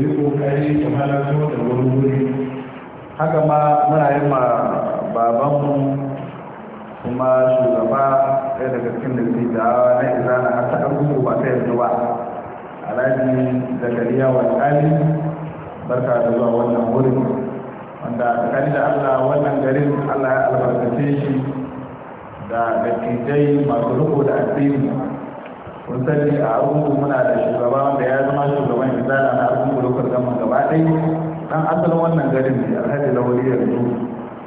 ku yi kokari ku da wani wuri haka ma muna yi ma babanmu kuma shugaba ɗaya daga cikin da ke da na izana har ta ɗan ba ta yanzu ba alhaji zakariya wani barka da zuwa wannan wurin wanda tsakani da allah wannan garin allah ya albarkace shi da dattijai masu riko da addini kun sani a abubuwa muna da shugaba wanda ya zama shugaban izala na abubuwa lokacin gama gaba ɗaya. dan asalin wannan garin ne alhaji lauri yanzu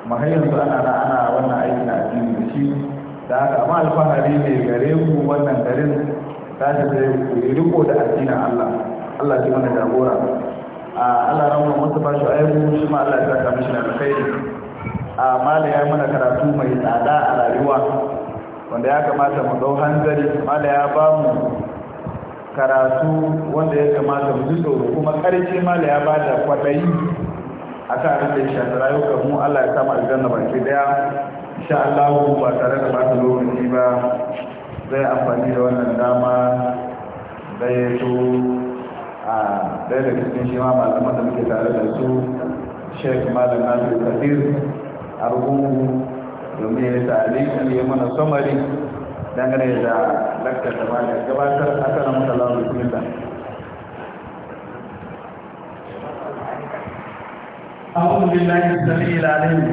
mahayyansu ana ana wannan aiki na addini da shi da aka amma alfahari ne gare ku wannan garin tashi da ku yi riko da addinin allah allah shi mana jagora a allah rahama musu ba shi ayyuku shi ma allah ya saka mishi da alkhairi a mala ya mana karatu mai tsada a rayuwa wanda ya kamata mu dau hanzari mala ya ba karatu wanda ya kamata mu ji tsoro kuma ƙarshe mala ya ba da kwaɗayi a kan abin da ya shafi rayuwar mu allah ya mu aljanna baki daya insha allahu ba tare da bata lokaci ba zai amfani da wannan dama da ya zo a ɗaya daga cikin shi ma malaman da muke tare da su shek malam nasir a argungu domin ya sa aliki ya mana samari dangane da lakcar da bada gabatar a kan matsalar bismillah أعوذ بالله السميع العليم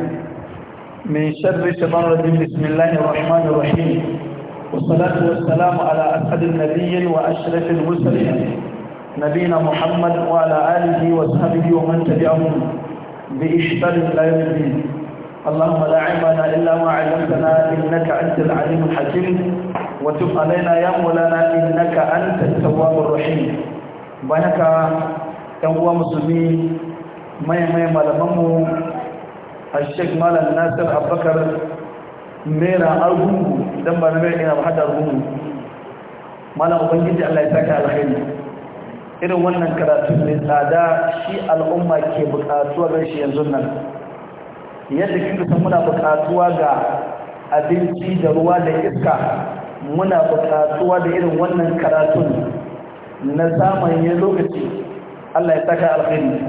من شر شيطان الرجيم بسم الله الرحمن الرحيم والصلاة والسلام على أسعد النبي وأشرف المرسلين نبينا محمد وعلى آله وصحبه ومن تبعهم بإشتر لا يوم الدين اللهم لا علم لنا إلا ما علمتنا إنك أنت العليم الحكيم وتب علينا يا مولانا إنك أنت التواب الرحيم بانك يوم مسلمين mai mai malamanmu a sheik malam nasir abubakar mera argungu don ba mera ina ba argungu malam ubangiji allah ya saka alkhairi irin wannan karatu mai tsada shi al'umma ke bukatuwa shi yanzu nan yadda kinka muna buƙatuwa ga abinci da ruwa da iska muna buƙatuwa da irin wannan karatun na samun lokaci Allah ya saka alkhairi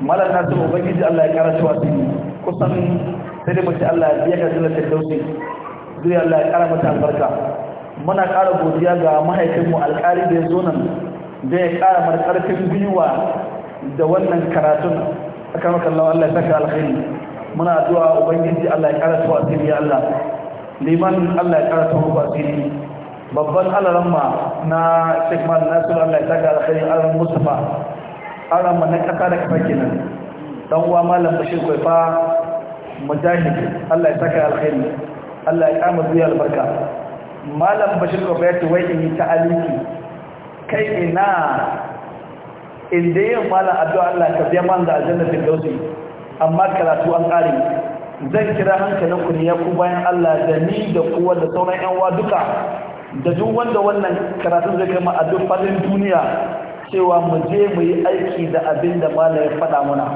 malar nasu ubangiji Allah ya kara tuwa su kusan sai da mace Allah ya ga ka firdausi zuri Allah ya kara mata albarka muna ƙara godiya ga mahaifinmu alkali da ya zo nan da ya kara mai ƙarfin gwiwa da wannan karatun aka kallon Allah Allah ya saka alkhairi muna addu'a ubangiji Allah ya karatu asiri ya Allah liman Allah ya karatu wa asiri babban alaramma na Sheikh Mal Nasir Allah ya saka alkhairi alaran Mustafa alaramma na kaka da kafa kenan dan uwa malam Bashir kwaifa mujahid Allah ya saka alkhairi Allah ya kama zuwa albarka malam Bashir kwaifa ya ce wai in yi ta'aliki kai ina Inda yin malam addu'a Allah ka biya man da aljannatin dausi amma karatu an ƙare zan kira hankalin ku ne ya ku bayan Allah da ni da kowa da sauran yan duka da duk wanda wannan karatu zai kai a duk fadin duniya cewa mu je mu yi aiki da abin da malam ya faɗa muna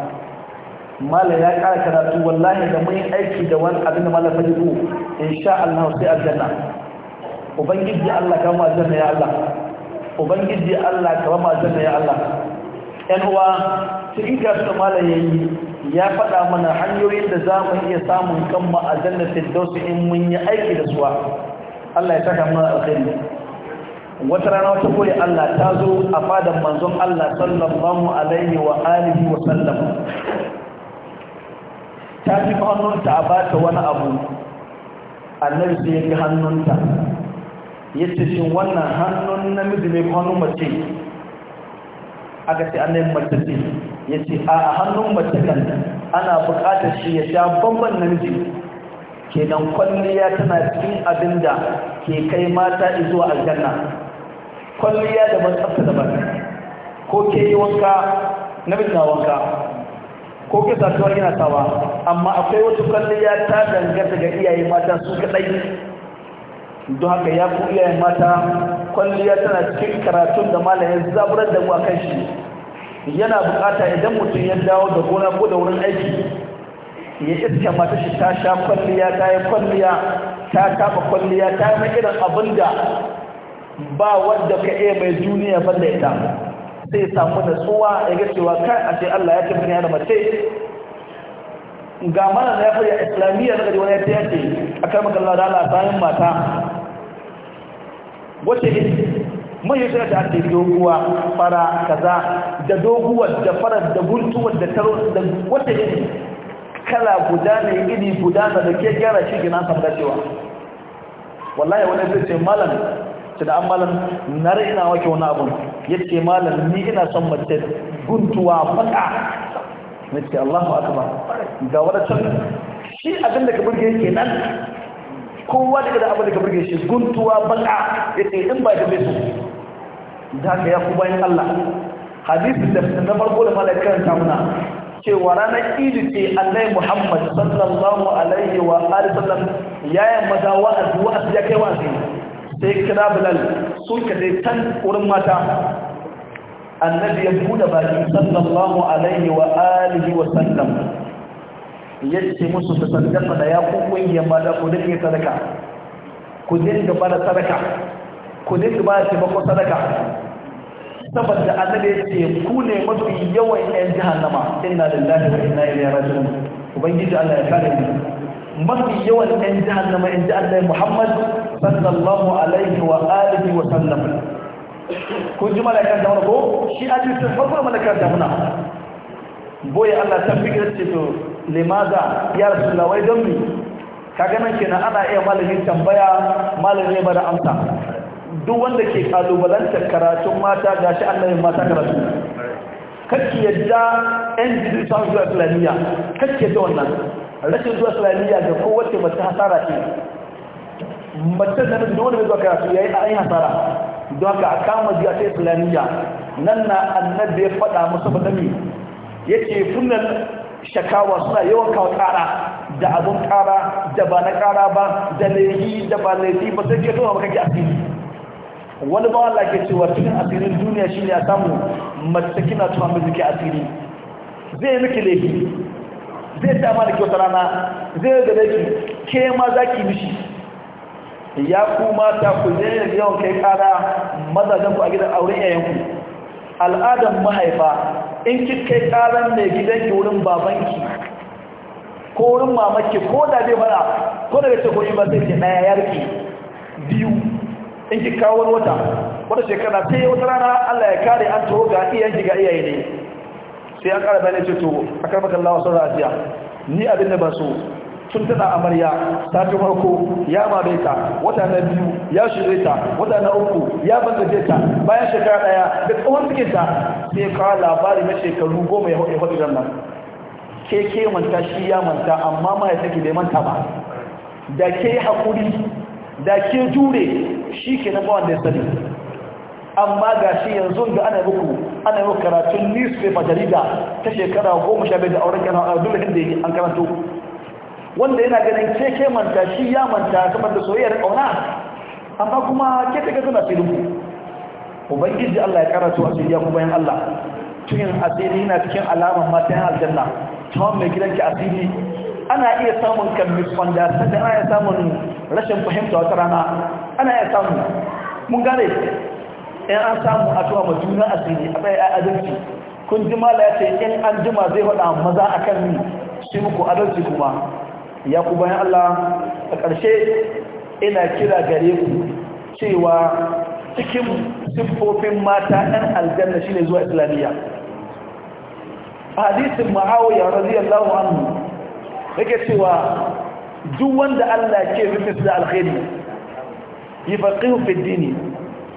malam ya ƙara karatu wallahi da mun yi aiki da wani abin da malam ku faɗi insha Allah sai aljanna ubangiji Allah kama aljanna ya Allah ubangiji Allah kama aljanna ya Allah yan uwa cikin kasu malayayi ya faɗa mana hanyoyin da za mu iya samun kanmu a jannatin dausu in mun yi aiki da suwa Allah ya saka mana alkhairi wata rana wata kore Allah ta zo a fadan manzon Allah sallallahu alaihi wa alihi wa sallam ta fi hannunta a ba ta wani abu annabi sai ya fi hannunta yace shin wannan hannun namiji ne ko hannun mace aka ce annabi mace ce ya ce a hannun mace kan ana buƙatar shi ya sha bamban namiji kenan kwalliya tana cikin abin da ke kai mata zuwa aljanna kwalliya da matsafta daban ko ke yi wanka namiji na wanka ko ke satuwar yana tawa amma akwai wata kwalliya ta danganta daga iyaye mata su kaɗai don haka ya ku iyayen mata kwalliya tana cikin karatun da malamin zaburar da mu a yana bukata idan mutum ya dawo da gona ko da wurin aiki ya iska mata shi ta sha kwalliya ta yi kwalliya ta kafa kwalliya ta yi irin abin da ba wanda ka iya mai duniya banda ita sai ya samu tsuwa ya ga cewa kai a ce Allah ya ce mun yana mace ga mana na ya fara islamiyya na wani ya ce a kan makalla da Allah bayan mata wacce mai yi da ake doguwa fara kaza da doguwar da fara da guntuwar da taro da wata ne kala guda ne iri guda na da ke gyara shi gina cewa. dacewa wallahi wani zai ce malam ce da an malam na ina wake wani abun ya ce malam ni ina son mace guntuwa faɗa. na ce allahu akbar ga wadatan shi abinda ka burge nan. kowa daga da abin da ka burge shi guntuwa baka ya ce in ba da mesu da haka ya ku bayan Allah hadisin da na farko da malaka karanta muna cewa ranar idi ce annai muhammad sallallahu alaihi wa alihi sallam ya yi maza wa'azi wa'azi ya kai wa'azi sai kira bilal sun ka dai can wurin mata annabi ya buɗe baki sallallahu alaihi wa alihi wa sallam yace musu su sadaka da ya ku kungiyar mata ku dinga sadaka ku dinga da sadaka ku dinga ba taimako sadaka saboda annabi yace ku ne mafi yawan yan jahannama inna lillahi wa inna ilaihi raji'un ubangiji Allah ya kare mu mafi yawan yan jahannama in Allah Muhammad sallallahu alaihi wa alihi wa sallam kun ji mala'ikan da ko shi a cikin farko malaikar da muna boye Allah ta fikir ce to limaza ya rasulullah wai don mi kaga nan kenan ana iya malami tambaya malami ba da amsa duk wanda ke kalubalantar karatun mata gashi annabin mata karatu kake yadda yan jirgin sa zuwa islamiyya kake da wannan rashin zuwa islamiyya ga kowace mace hasara ce mace da namiji wanda bai zuwa karatu yayi a yin hasara don ka a kama zuwa ta islamiyya nan na annabi ya faɗa musu ba dami yake funan shakawa suna yawan kawo kara da abun kara da ba na kara ba da laifi da ba laifi ba sai ke zuwa ba kake asiri wani ba wala ke cewa cikin asirin duniya shi ne a samu matakina kina mai zuke asiri zai yi miki laifi zai ta da kyautar rana zai yi da laifi ke ma za ki mishi ya kuma ta ku zai yawan kai kara mazajen ku a gidan auren yayanku al'adar mahaifa in ki kai karan mai gidanki wurin babanki ko wurin mamaki ko da bai fara ko da ce koyi ba zai ce na yarki biyu in ki kawo wata wata shekara sai wata rana Allah ya kare an taho ga iyayen ga iyaye ne sai an kara ne ce to a baka Allah wasu rajiya ni abin da ba so sun tana amarya satin farko ya mame wata na biyu ya shirye ta wata na uku ya bangaje ta bayan shekara daya da tsawon cikin ta sai ya kawo labari na shekaru goma ya hudu hudu nan ke ke manta shi ya manta amma ma ya take bai manta ba da ke hakuri da ke jure shi ke na bawan da ya sani amma ga shi yanzu da ana muku ana yi karatun newspaper jarida ta shekara goma sha bai da auren kana a dole an karanto wanda yana ganin keke manta shi ya manta kamar da soyayyar kauna amma kuma ke take tana filin ku ubangiji Allah ya karatu a cikin ku bayan Allah cikin asiri yana cikin alaman mata yan aljanna tawon mai gidanki asiri ana iya samun kan misunderstanding ana iya samun rashin fahimta wata rana ana iya samu mun gane in an samu a tuwa majuna asiri a tsaye a adalci kun jima la ya ce in an jima zai faɗa maza akan ni sai muku adalci kuma ya ku bayan Allah a ƙarshe ina kira gare ku cewa cikin siffofin mata ɗan aljanna shine zuwa islamiyya hadisin ma'awiya radiyallahu anhu yake cewa duk wanda Allah ke rufe da alkhairi fi dini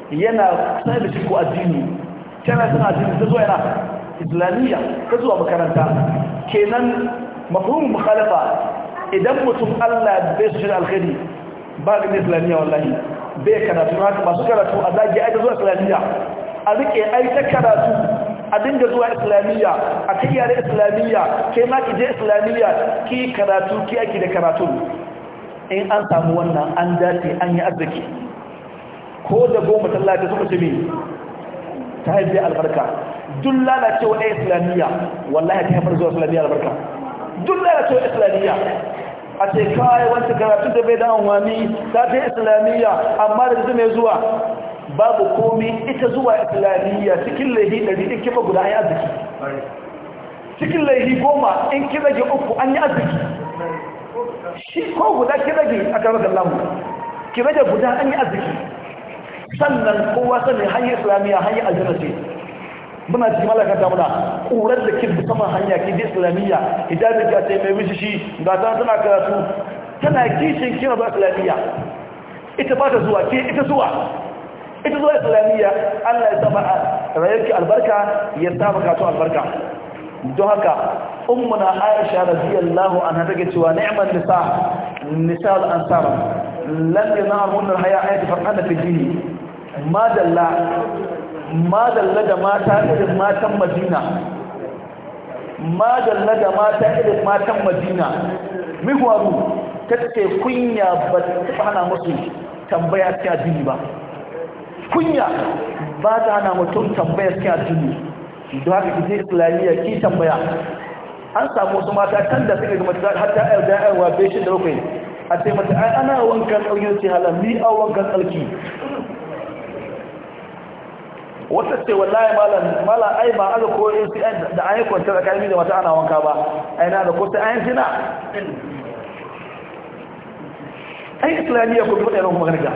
yana sanar da shi addini tana sanar addini ta zuwa yana islamiyya ta zuwa makaranta kenan mafhumul mukhalafa idan mutum Allah bai su shi alkhairi ba ga islamiyya wallahi bai karatu masu karatu a zagi ai da zuwa islamiyya a rike ai karatu a dinga zuwa islamiyya a kai yare islamiyya kai ma ki je islamiyya ki karatu ki aiki da karatu in an samu wannan an dace an yi arziki ko da goma tallafi suka ce ta haifi albarka duk lalacewa ɗaya islamiyya wallahi ta haifar zuwa islamiyya albarka duk lalacewa islamiyya a ce kawai wancan karatu da bai da wani ta fi islamiyya amma da zai zuwa babu komi ita zuwa islamiyya cikin laihi ɗari in kima guda an yi arziki cikin laihi goma in kirage uku an yi arziki shi ko guda kirage a karbar lamu kirage guda an yi arziki sannan kowa sani hanyar islamiyya hanyar aljanna ce muna cikin malaka ta muna ƙurar da kin musamman hanya kid islamiyya hijabi ta ce mai wishi shi ga ta tana karatu tana kishin kira zuwa islamiyya ita ba ta zuwa ke ita zuwa ita zuwa islamiyya allah ya saba a rayarki albarka ya saba kato albarka don haka ummuna aisha radiyallahu anha take cewa ni'mal nisa nisa al-ansar lam yanarun al-haya ayati farqana fi dini madalla madalla da mata irin matan madina madalla da mata irin matan madina mihwaru ta kunya ba ta hana musu tambaya ta jini ba kunya ba ta hana mutum tambaya ta jini don haka ita islamiyya ki tambaya an samu wasu mata kan da suka da har ta yarda yarwa bai shi da rukai a sai mata ana wankan tsarki ce halar ni a wankan tsarki wata ce wallahi malam malam ai ba aka ko in sai da ai kwanta da kalmi da mata ana wanka ba ai na da ko sai ai sina ai islamiyya ko fada ran magana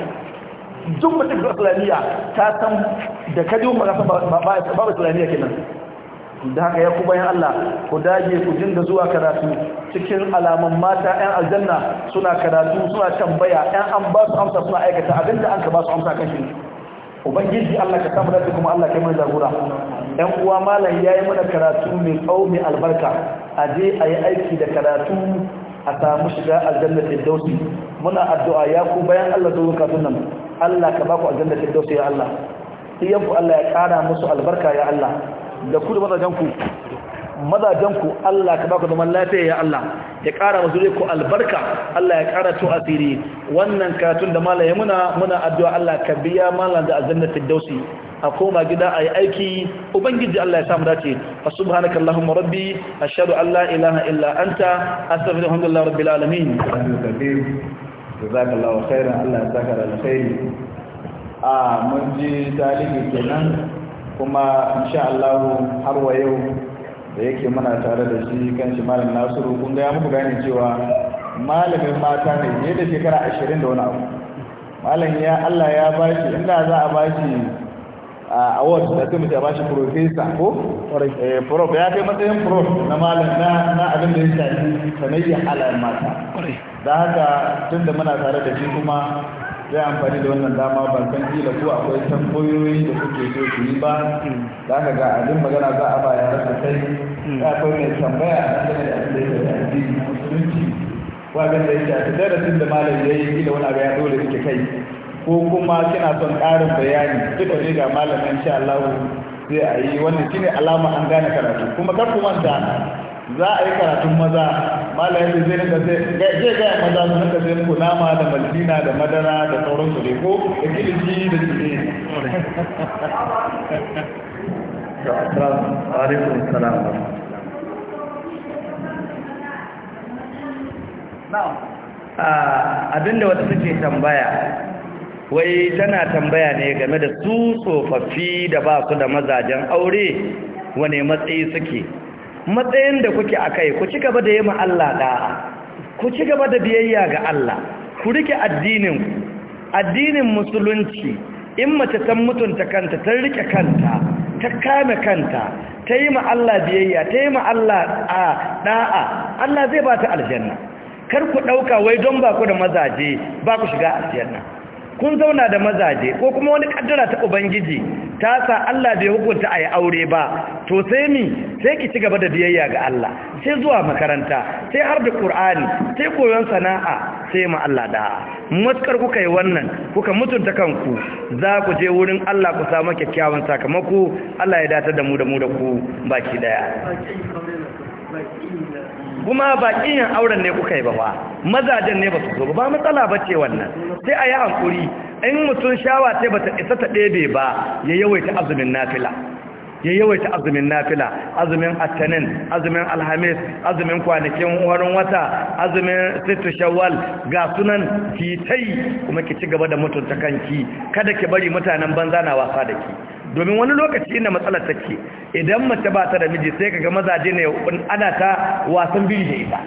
duk mutum da islamiyya ta san da kaji mun ga ba ba islamiyya kenan da haka ya ku bayan Allah ku dage ku dinga zuwa karatu cikin alaman mata ɗan aljanna suna karatu suna tambaya ɗan an ba su amsa suna aikata abinda an ka ba su amsa kan shi ubangiji Allah ka samu dace kuma Allah kai mana jagora ɗan uwa malam yayi mana karatu mai tsau mai albarka a je a yi aiki da karatu a samu shiga aljanna firdausi muna addu'a ya ku bayan Allah zo kafin sunan Allah ka ba ku aljanna firdausi ya Allah iyanku Allah ya kara musu albarka ya Allah da ku da mazajen ku mazajenku Allah ka baka zaman lafiya ya Allah ya ƙara musu ku albarka Allah ya ƙara to asiri wannan karatun da malam ya muna muna addu'a Allah ka biya malam da azzannatul dausi a koma gida a yi aiki ubangiji Allah ya samu dace fa subhanaka allahumma rabbi ashhadu an la ilaha illa anta astaghfiruka wa atubu rabbil alamin jazakallahu khairan Allah ya saka da alkhairi a mun ji talibi kenan kuma insha Allah har wa yau da yake muna tare da shi kan shi malam nasiru kun ga muku gane cewa malamin mata ne fiye da shekara ashirin da wani abu malam ya allah ya bashi inda za a bashi a award da sai mutu ba shi profesa ko eh, prof ya kai matsayin prof na malam na abin da ya shafi sanayya halayen mata da haka tun da muna tare da shi kuma zai amfani da wannan dama ba san kila ko akwai tambayoyi da kuke so su yi ba za ka ga abin magana za a ba kai. sai ya akwai mai tambaya a dangane da abin da ya musulunci ko abin da ya shafi darasin da malam ya yi kila wani abu ya dole kike kai ko kuma kina son ƙarin bayani duk ne ga malamin insha Allah sai a yi wannan shine alama an gane karatu kuma kar ku manta za a yi karatun maza malayin da zai rinka zai gaya maza su rinka zai muku nama da malina da madara da sauran su ko da kilici da cire abinda wata suke tambaya wai tana tambaya ne game da su tsofaffi da ba su da mazajen aure wane matsayi suke matsayin da kuke a kai ku ci gaba da yi ma Allah ku ci gaba da biyayya ga Allah ku rike addinin addinin musulunci in mace ta mutunta kanta ta rike kanta ta kame kanta ta yi ma Allah biyayya ta yi ma Allah da'a Allah zai ba ta aljanna kar ku ɗauka wai don ba ku da mazaje ba ku shiga aljanna kun zauna da mazaje ko kuma wani kaddara ta ubangiji ta sa Allah bai hukunta a yi aure ba to sai mi sai ki ci gaba da biyayya ga Allah sai zuwa makaranta sai har da Qur'ani sai koyon sana'a sai ma Allah da matukar kuka yi wannan kuka mutunta kanku za ku je wurin Allah ku samu kyakkyawan sakamako Allah ya datar da mu da mu da ku baki daya kuma ba yin auren ne kuka yi ba ba mazajen ne ba su zo ba matsala ba ce wannan sai a yi hankuri in mutum shawa sai ba ta isa ta ɗebe ba ya yawaita azumin nafila ya yawaita azumin nafila azumin attanin azumin alhamis azumin kwanakin warin wata azumin sittu shawwal ga sunan kitai kuma ki ci gaba da mutunta kanki kada ki bari mutanen banza na wasa da ki domin wani lokaci inda matsalar take idan mace ba ta da miji sai kaga mazaje ne ana ta wasan biri da ita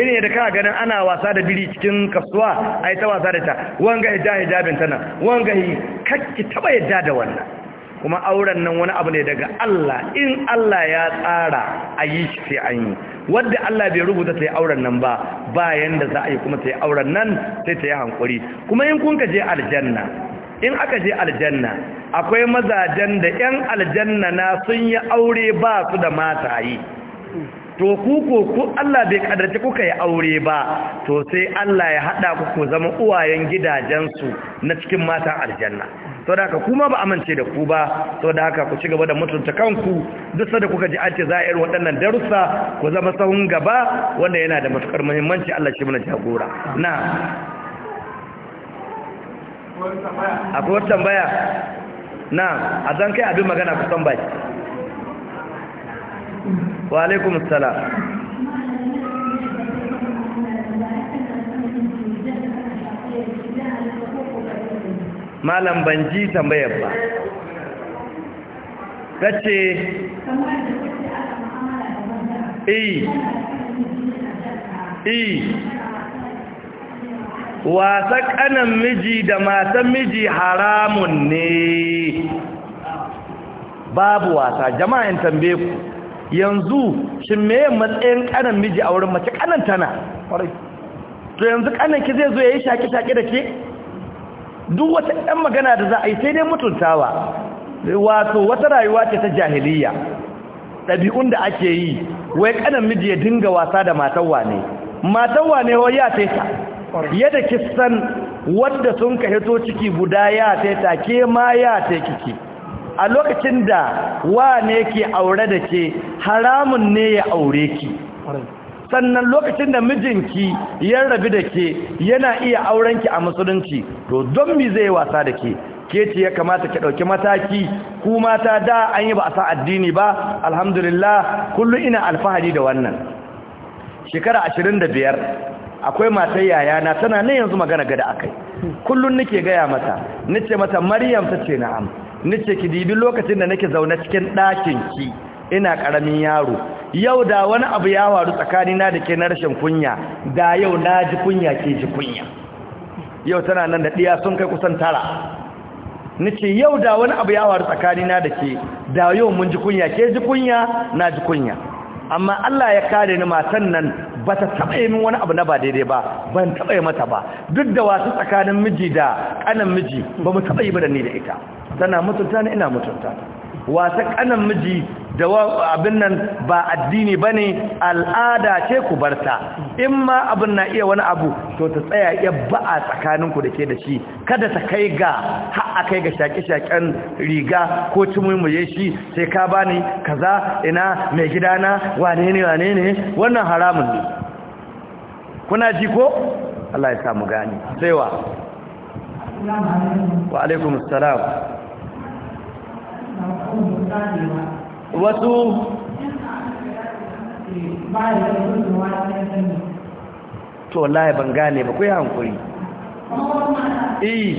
irin da kaga ganin ana wasa da biri cikin kasuwa ai ta wasa da ta wanga hijja hijabin tana wanga hi kakki taba yadda da wannan kuma auren nan wani abu ne daga Allah in Allah ya tsara a yi shi sai an yi wadda Allah bai rubuta ta auren nan ba bayan da za a yi kuma ta auren nan sai ta yi hankuri kuma in kun ka je aljanna in aka je aljanna akwai mazajen da 'yan aljanna na sun yi aure ba su da mataye to ku ku Allah bai kadarci kuka yi aure ba to sai Allah ya hada ku ku zama uwayen gidajensu na cikin matan aljanna to da haka kuma ba amince da ku ba to da haka ku ci gaba da mutunta kanku duk sanda kuka ji ace za a irin waɗannan darussa ku zama sahun gaba wanda yana da matukar muhimmanci Allah shi mana jagora na akwai tambaya na a zan kai abin magana kusan bai wa alaikum salam malam ban ji tambayar ba ta ce iya eh, iya eh. wasa kanan miji da matan miji haramun ne babu wasa jama'in tambaye ku yanzu shi meye matsayin kanan miji a wurin mace kanan tana to yanzu kanan ki zai zo yayi shaki-shaki da ke duk wata ɗan magana da za a yi sai dai mutuntawa wato wata rayuwa ce ta jahiliya ɗabi'un da ake yi wai kanan miji ya dinga wasa da matan wane matan wane wai ya sai ta yadda kisan wadda sun ka hito ciki guda ya taita ke ma ya taikiki a lokacin da wa ne ke aure da ke haramun ne ya aure ki sannan lokacin da mijinki ya rabi da ke yana iya aurenki a musulunci to don mi zai wasa da ke ke ce ya kamata ki ɗauki mataki ku mata da an yi ba a sa addini ba alhamdulillah kullum ina alfahari da wannan shekara biyar. akwai matar yayana tana nan yanzu magana gada akai kullun nake gaya mata nace mata maryam tace na'am nace ki dibi lokacin da nake zaune cikin ɗakin ki ina ƙaramin yaro yau da wani abu ya waru tsakanina da ke na rashin kunya da yau na ji kunya ke ji kunya yau tana nan da diya sun kai kusan tara nace yau da wani abu ya waru tsakanina da ke da yau mun ji kunya ke ji kunya na ji kunya amma Allah ya kare ni matan nan ba ta taɓa yi min wani abu na ba daidai ba ban taɓa yi mata ba duk da wasu tsakanin miji da ƙanan miji ba mu taɓa yi ba da ni da ita tana mutunta ni ina mutunta wasu ƙanan miji Da abin nan ba addini ba ne al'ada ce ku barta in ma abin na iya wani abu to ta tsaya iya ba'a tsakaninku da ke da shi kada ta kai ga ha'a kai ga shaƙe-shaƙen riga ko ya shi sai ka bani kaza ina mai gidana wane ne wane ne wannan haramun ne kuna ji ko Allah ya samu gani sai wa wa alaikumussalam wasu to wallahi ban gane ba ku yi hankuri eh, eh.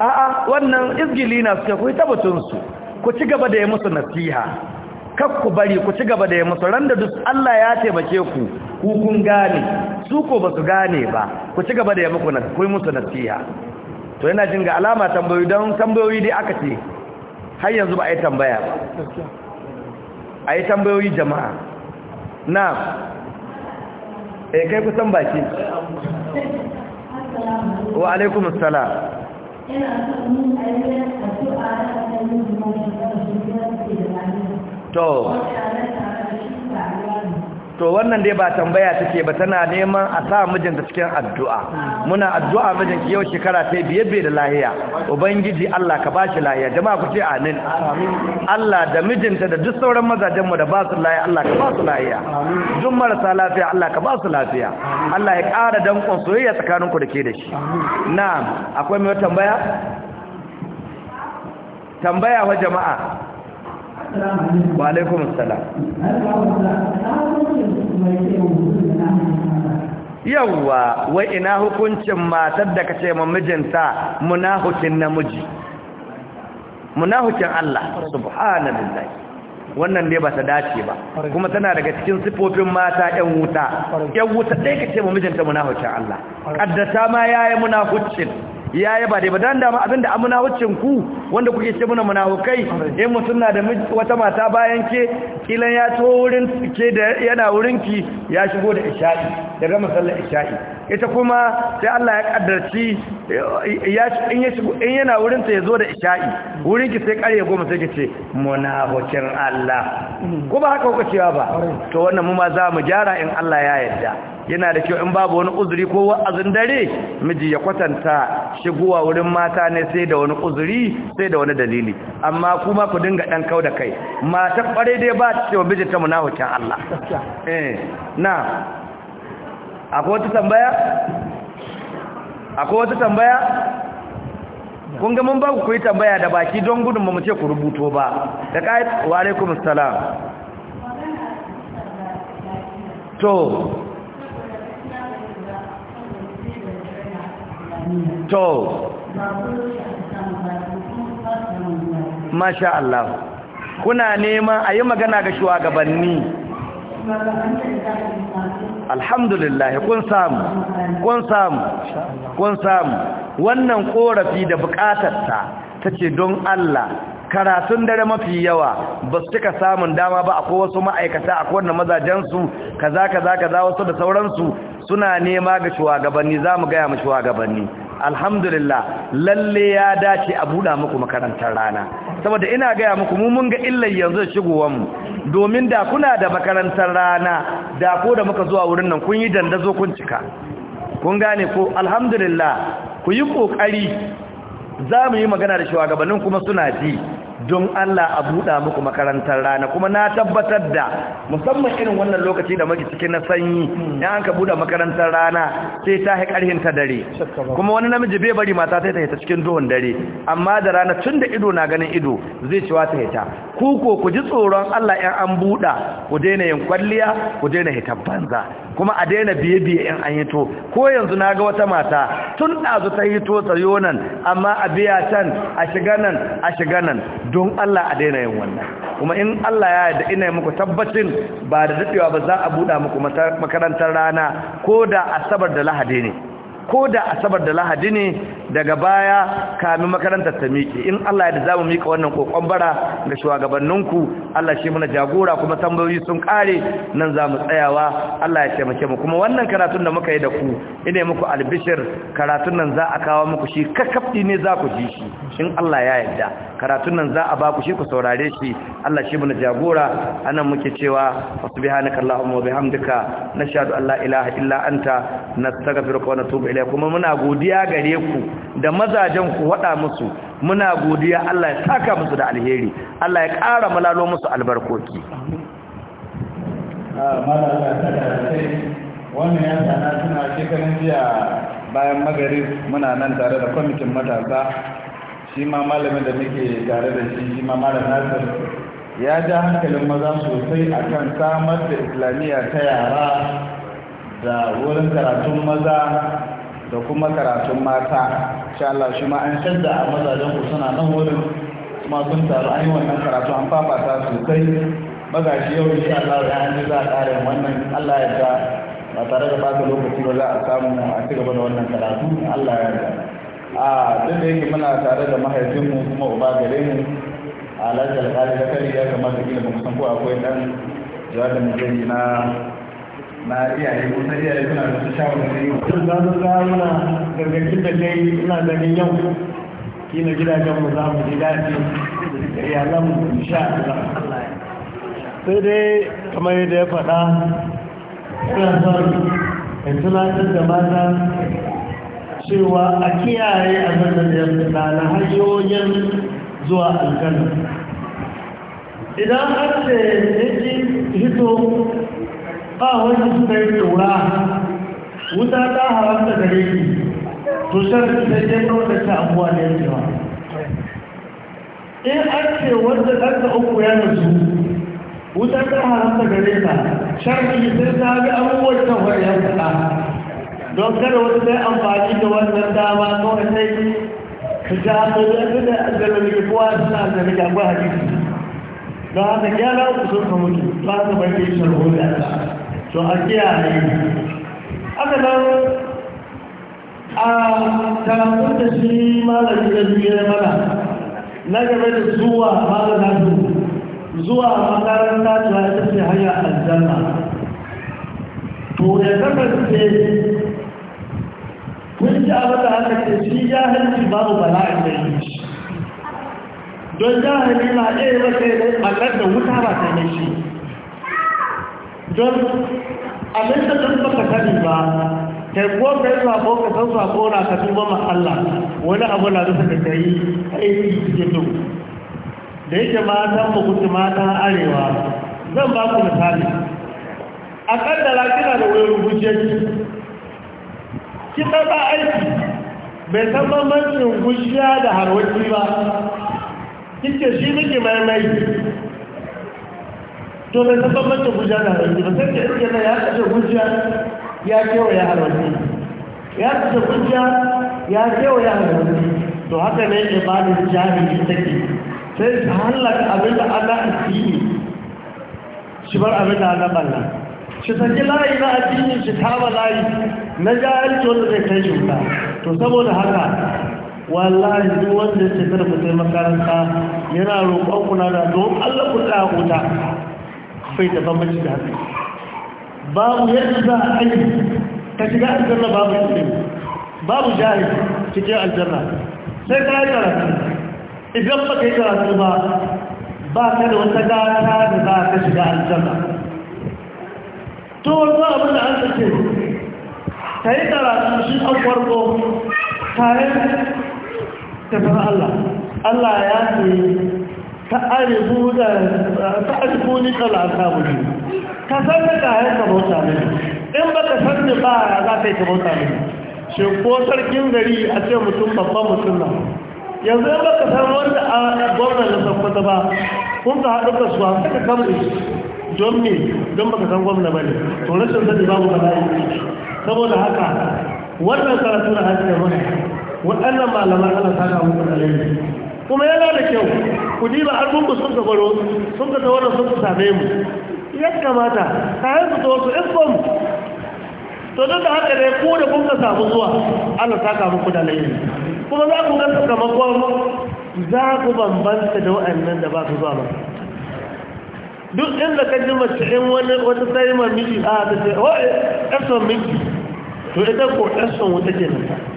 a'a wannan izgili na suke ku tabbatunsu ku ci gaba da ya musu nasiha kakku bari ku ci gaba da ya musu randa duk Allah ya taimake ku ku kun gane su ko ba su gane ba ku ci gaba da ya muku ku yi musu nasiha to yana jin ga alama tambayoyi don tambayoyi dai aka ce har yanzu ba a yi tambaya ba a yi tambayoyi jama'a na e eh, kai kusan baki wa alaikum assala to to wannan dai ba tambaya take ba tana neman a sa mijinta cikin addu'a muna addu'a mijinki yau shekara ta biye biye da lahiya ubangiji Allah ka bashi lahiya jama'a ku ce amin Allah da mijinta da duk sauran mazajen mu da ba su lahiya Allah ka ba su lahiya duk marasa lafiya Allah ka ba su lafiya Allah ya ƙara danƙon soyayya tsakaninku da ke da shi na'am akwai mai tambaya tambaya wa jama'a wa alaikum assalam yawwa wai ina hukuncin matar da kace ma mijinta hukin namiji hukin Allah subhanallahi wannan ne ba ta dace ba kuma tana daga cikin sifofin mata ƴan wuta ƴan wuta dai kace ma mijinta hukin Allah kaddata ma yayi munafikin ya yaba dai ba dan dama abinda amuna wuccin ku wanda kuke ce muna munafukai in mutum na da wata mata bayan ke kilan ya to wurin ke da yana wurin ki ya shigo da isha'i daga masallar isha'i ita kuma sai Allah ya kaddarci ya in ya shigo in yana wurin ta yazo da isha'i wurin ki sai kare goma sai ki ce munafukin Allah ko ba haka kuka cewa ba to wannan mu ma za mu gyara in Allah ya yarda yana da kyau in babu wani uzuri ko wa'azin dare miji ya kwatanta shigowa wurin mata ne sai da wani uzuri sai da wani dalili amma kuma ku dinga dan kau da kai mata kware dai ba ta cewa miji ta munafikin Allah eh na akwai wata tambaya akwai wata tambaya kun ga mun ba ku yi tambaya da baki don gudun mu ce ku rubuto ba da kai wa alaikumus salam to to masha Allah kuna nema a yi magana ga shugabanni alhamdulillah kun samu kun samu kun samu wannan korafi da bukatarsa ta ce don Allah karatun dare mafi yawa ba su cika samun dama ba akwai wasu ma'aikata a kowane mazajensu kaza kaza kaza wasu da sauransu suna nema ga shugabanni za mu gaya mu shugabanni alhamdulillah lalle ya dace a buɗa muku makarantar rana saboda ina gaya muku mu mun ga illar yanzu shigowar mu domin da kuna da makarantar rana da ko da muka zuwa wurin nan kun yi dandazo kun cika kun gane ko alhamdulillah ku yi kokari za mu yi magana da shugabannin kuma suna ji don Allah a buɗa muku makarantar rana kuma na tabbatar da musamman irin wannan lokaci da muke cikin na sanyi ya an ka buɗe makarantar rana sai ta hi ƙarhin ta dare kuma wani namiji bai bari mata sai ta hita cikin duhun dare amma da rana tun da ido na ganin ido zai ciwa ta hita ku ko ku ji tsoron Allah ɗan an buɗa ku daina yin kwalliya ku daina hita banza kuma a daina biye biye in an hito ko yanzu na ga wata mata tun ɗazu ta hito tsayo nan amma a biya can a shiga nan a shiga nan don Allah a daina yin wannan kuma in Allah ya yarda ina muku tabbacin ba da dadewa ba za a buɗa muku makarantar rana ko da asabar da lahadi ne ko da asabar da lahadi ne daga baya mi makarantar ta miƙe in Allah ya da zamu miƙa wannan kokon bara ga shugabanninku Allah shi muna jagora kuma tambayoyi sun kare nan zamu tsayawa Allah ya taimake mu kuma wannan karatun da muka yi da ku ina muku albishir karatun nan za a kawo muku shi kakkafi ne za ku ji shi in Allah ya yarda karatun nan za a ba ku shi ku saurare shi Allah shi muna jagora anan muke cewa allahumma wa bihamdika nashhadu an la ilaha illa anta nastaghfiruka wa natubu ilayk kuma muna godiya gare ku da mazajen ku wada musu muna godiya Allah ya saka musu da alheri Allah ya ƙara malalo musu albarkoki ah, wannan ya sana suna shekarun jiya bayan magari muna nan tare da kwamitin matasa shi ma malamin da muke tare da shi shi ma malamin nasir ya ja hankalin maza sosai akan samar da islamiyya ta yara da wurin karatun maza da kuma karatun mata shala Allah shi ma an canza a mazajen ku suna nan wurin kuma sun taru an yi wannan karatu an fafata sosai magashi yau insha Allah ya an za a ƙara wannan Allah ya ta ba tare da ba lokaci ba za a samu a ci gaba da wannan karatu Allah ya ta a duk da yake muna tare da mahaifinmu kuma uba gare mu a lafiyar ƙari da kari ya kamata ilimin kusan ko akwai ɗan jawabin da zai yi na na iyaye ko ta iyaye suna da su yau. Za da gidajen mu za mu ji daɗi da iyalan mu sha Sai dai kamar yadda ya faɗa suna son in tunatar da mata cewa a kiyaye a zanen da na zuwa alkanu. Idan har ce yake hito ba wanda suka yi tura wuta ta haramta gare ki to sharri sai dai kawai ta abuwa da ya ba. in an ce wanda ɗanka uku ya rasu wuta ta haramta gare ka sharri sai ta ga abubuwan ta ya faɗa don kada wani sai amfani da wannan dama kawai sai ka ja ta yi da azaloliki kowa suna azaloliki akwai hadisi don haka gyara uku sun ka ba su bai ke sharhu da ta to a kiyaye aka nan a karatun da shi malami da biyar mana na game da zuwa malami zuwa makaranta ta ita ce hanyar aljanna to ya kasance kun ji abin da aka ce shi jahilci babu bala'i da yi don jahili na iya yi maka yi da wuta ba ta yi shi don abin da duk baka sani ba yi ko kai sako ka san sako na ka tuba ma Allah wani abu na rufe da yi aiki cikin duk da yake matan mu kuma matan arewa zan ba ku misali a kaddara kina da wani rubuciyarki ki ɗaɗa aiki bai san bambancin gushiya da harwaci ba kike shi nake maimai to bai san bambancin guja da haramci ba sai ta iske na ya kashe guja ya ya haramci ya kashe guja ya ya haramci to haka ne jami jahili take sai ta hallaka abin da ana addini shi bar abin da ana balla shi saki layi na addini shi ta ba layi na jahilci wanda zai kai shuka to saboda haka wallahi duk wanda ya ce kada sai makaranta yana roƙon kuna da don Allah ku tsaya bai da bambanci da haka babu yadda za a aiki ka shiga aljanna babu ilimi babu jahil cikin aljanna sai ka yi karatu idan ba ka yi karatu ba ba ka da wata gata da za ka shiga aljanna to wanzu abin da an sace, ka yi karatu shi an farko tare da fara Allah Allah ya ce ta'arifu ni talata mutu ka san da kayan ka bauta mini in ba ka san da ba za ka yi ka bauta mini shi ko sarkin gari a ce mutum babban mutum na yanzu in ba ka san wanda a gwamnan na sakwata ba kun ka haɗu ka kasuwa suka kamar don me don ka san gwamna bane to rashin sani babu za bala'i saboda haka wannan karatu na hajjiyar wani waɗannan malaman ana saka muku da laifi kuma yana da kyau ku diba hannunku sun ka sun ka tawar sun same mu ya kamata ta yanzu ta wasu isbom to duk da haka dai ko da kun ka samu zuwa allah ta kamu ku da laifin kuma za ku gasa kamakon za ku bambanta da wa'annan da ba ku zuwa ba duk inda ka ji mace in wani wata sai miji a ta ce wa'ai ɗarsan miji to ita ko ɗarsan wata ke nan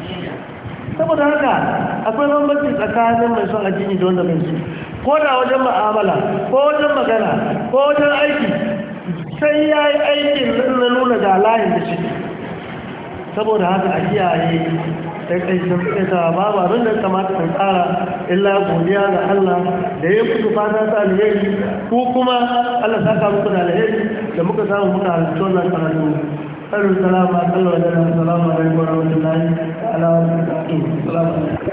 saboda haka akwai bambanci tsakanin mai son addini da wanda mai ko da wajen ma'amala ko wajen magana ko wajen aiki sai ya yi aikin na nuna da layin da shi saboda haka a kiyaye ta babu abin da kamata ta tsara illa godiya ga Allah da ya kusa fata ta alheri ko kuma Allah saka muku da alheri da muka samu muka halittu wannan karatu ƙarfi salama ƙallon da na salama da ikon rawar da na yi alawar da ta ƙi